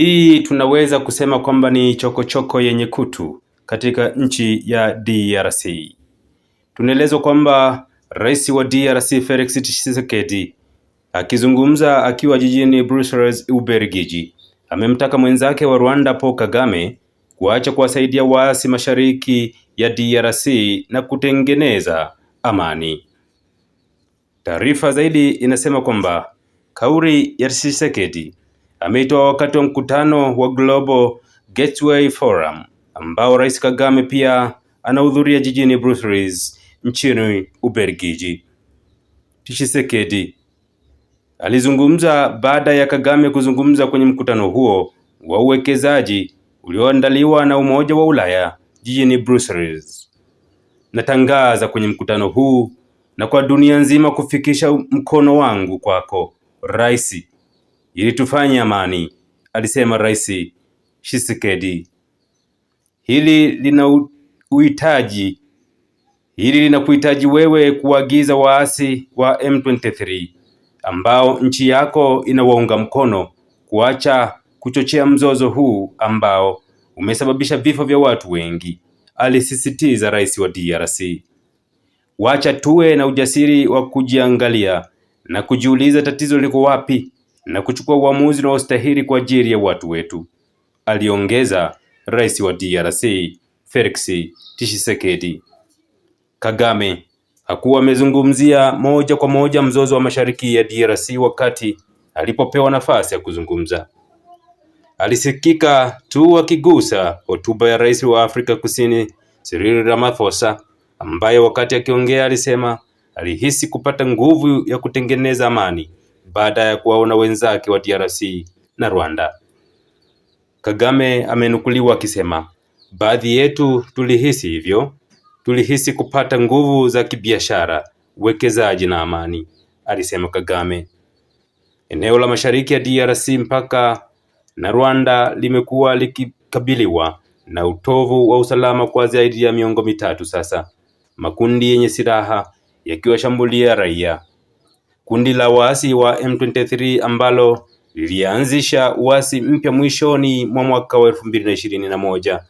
Hii tunaweza kusema kwamba ni chokochoko choko yenye kutu katika nchi ya DRC. Tunaelezwa kwamba rais wa DRC Felix Tshisekedi akizungumza akiwa jijini Brussels, Ubelgiji, amemtaka mwenzake wa Rwanda Paul Kagame kuacha kuwasaidia waasi mashariki ya DRC na kutengeneza amani. Taarifa zaidi inasema kwamba kauli ya Tshisekedi ametoa wakati wa mkutano wa Global Gateway Forum ambao Rais Kagame pia anahudhuria jijini Brussels nchini Ubelgiji. Tshisekedi alizungumza baada ya Kagame kuzungumza kwenye mkutano huo wa uwekezaji ulioandaliwa na Umoja wa Ulaya jijini Brussels. Natangaza kwenye mkutano huu na kwa dunia nzima kufikisha mkono wangu kwako, Rais ili tufanye amani, alisema Rais Tshisekedi. Hili lina uhitaji hili linakuhitaji wewe kuagiza waasi wa M23 ambao nchi yako inawaunga mkono kuacha kuchochea mzozo huu ambao umesababisha vifo vya watu wengi, alisisitiza rais wa DRC. Wacha tuwe na ujasiri wa kujiangalia na kujiuliza tatizo liko wapi na kuchukua uamuzi unaostahili kwa ajili ya watu wetu, aliongeza rais wa DRC Felix Tshisekedi. Kagame hakuwa amezungumzia moja kwa moja mzozo wa mashariki ya DRC wakati alipopewa nafasi ya kuzungumza. Alisikika tu akigusa hotuba ya rais wa Afrika Kusini Cyril Ramaphosa ambaye wakati akiongea alisema alihisi kupata nguvu ya kutengeneza amani baada ya kuwaona wenzake wa DRC na Rwanda. Kagame amenukuliwa akisema, baadhi yetu tulihisi hivyo, tulihisi kupata nguvu za kibiashara, uwekezaji na amani, alisema Kagame. Eneo la mashariki ya DRC mpaka na Rwanda limekuwa likikabiliwa na utovu wa usalama kwa zaidi ya miongo mitatu sasa, makundi yenye silaha yakiwashambulia raia kundi la waasi wa M23 ambalo lilianzisha uasi mpya mwishoni mwa mwaka wa elfu mbili na ishirini na moja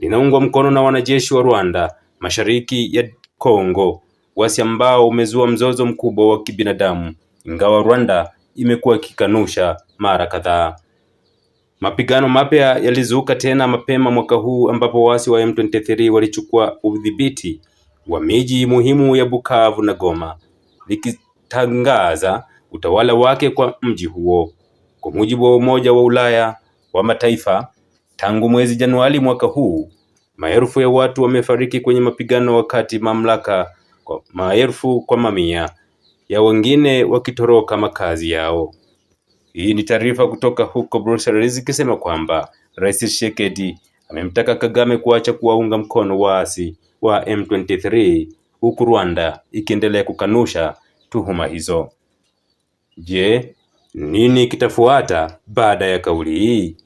linaungwa mkono na wanajeshi wa Rwanda mashariki ya Kongo, uasi ambao umezua mzozo mkubwa wa kibinadamu, ingawa Rwanda imekuwa ikikanusha mara kadhaa. Mapigano mapya yalizuka tena mapema mwaka huu ambapo waasi wa M23 walichukua udhibiti wa miji muhimu ya Bukavu na Goma kutangaza utawala wake kwa mji huo kwa mujibu wa Umoja wa Ulaya wa Mataifa. Tangu mwezi Januari mwaka huu, maelfu ya watu wamefariki kwenye mapigano, wakati mamlaka kwa maelfu kwa mamia ya wengine wakitoroka makazi yao. Hii ni taarifa kutoka huko Brussels ikisema kwamba Rais Tshisekedi amemtaka Kagame kuacha kuwaunga mkono waasi wa M23 huku Rwanda ikiendelea kukanusha tuhuma hizo. Je, nini kitafuata baada ya kauli hii?